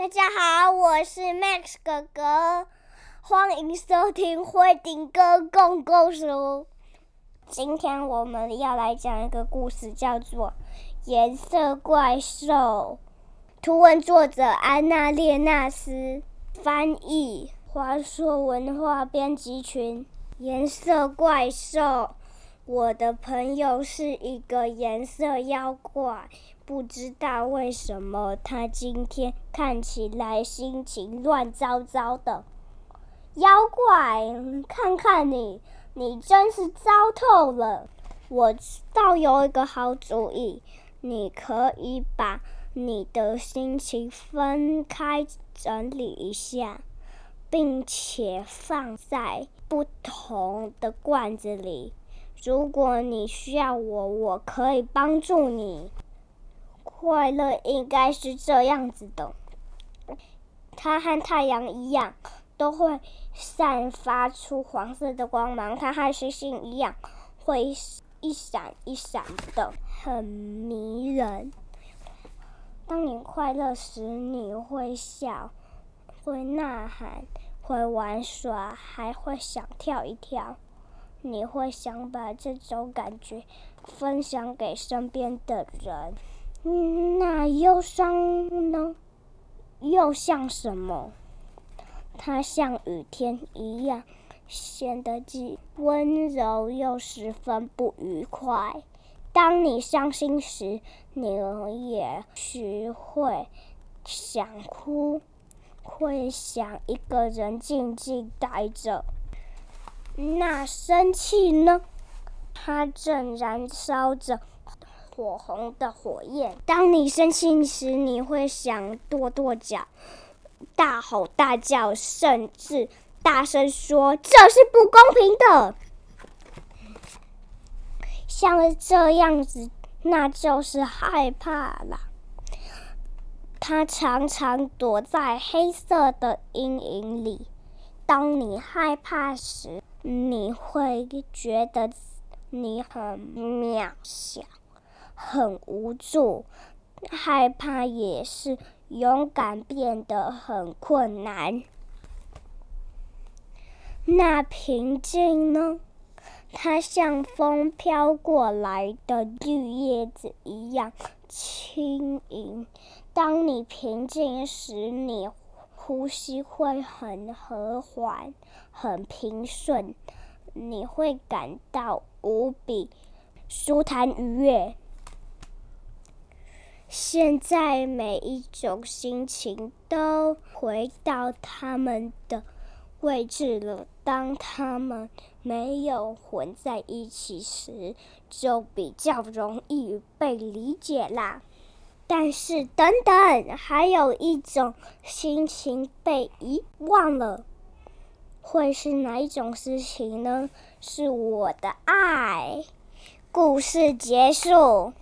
大家好，我是 Max 哥哥，歡迎收聽會頂哥哥共書，今天我們要來講一個故事，叫做《顏色怪獸》。圖文作者安娜列納斯，翻譯華碩文化編輯群。顏色怪獸。我的朋友是一個顏色妖怪，不知道為什麼他今天看起來心情亂糟糟的。妖怪，看看你，你真是糟透了。我倒有一個好主意，你可以把你的心情分開整理一下，並且放在不同的罐子裡。如果你需要我，我可以幫助你。快樂應該是這樣子的：它和太陽一樣，都會散發出黃色的光芒；它和星星一樣，會一閃一閃的，很迷人。當你快樂時，你會笑，會吶喊，會玩耍，還會想跳一跳。你會想把這種感覺分享給身邊的人。嗯，那憂傷呢？又像什麼？它像雨天一樣，顯得既溫柔又十分不愉快。當你傷心時，你也許會想哭，會想一個人靜靜呆着。那生氣呢？它正燃燒着火紅的火焰。當你生氣時，你會想跺跺腳，大吼大叫，甚至大聲說：“這是不公平的。”像這樣子，那就是害怕了。它常常躲在黑色的陰影裡。當你害怕時，你會覺得你很渺小，很無助，害怕也是勇敢變得很困難。那平靜呢？它像風飄過來的綠葉子一樣輕盈。當你平靜時，你，呼吸會很和緩，很平順，你會感到無比舒坦愉悅。現在每一種心情都回到他們的位置了，當他們沒有混在一起時，就比較容易被理解啦。但是，等等，還有一種心情被遺忘了，會是哪一種事情呢？是我的愛，故事結束。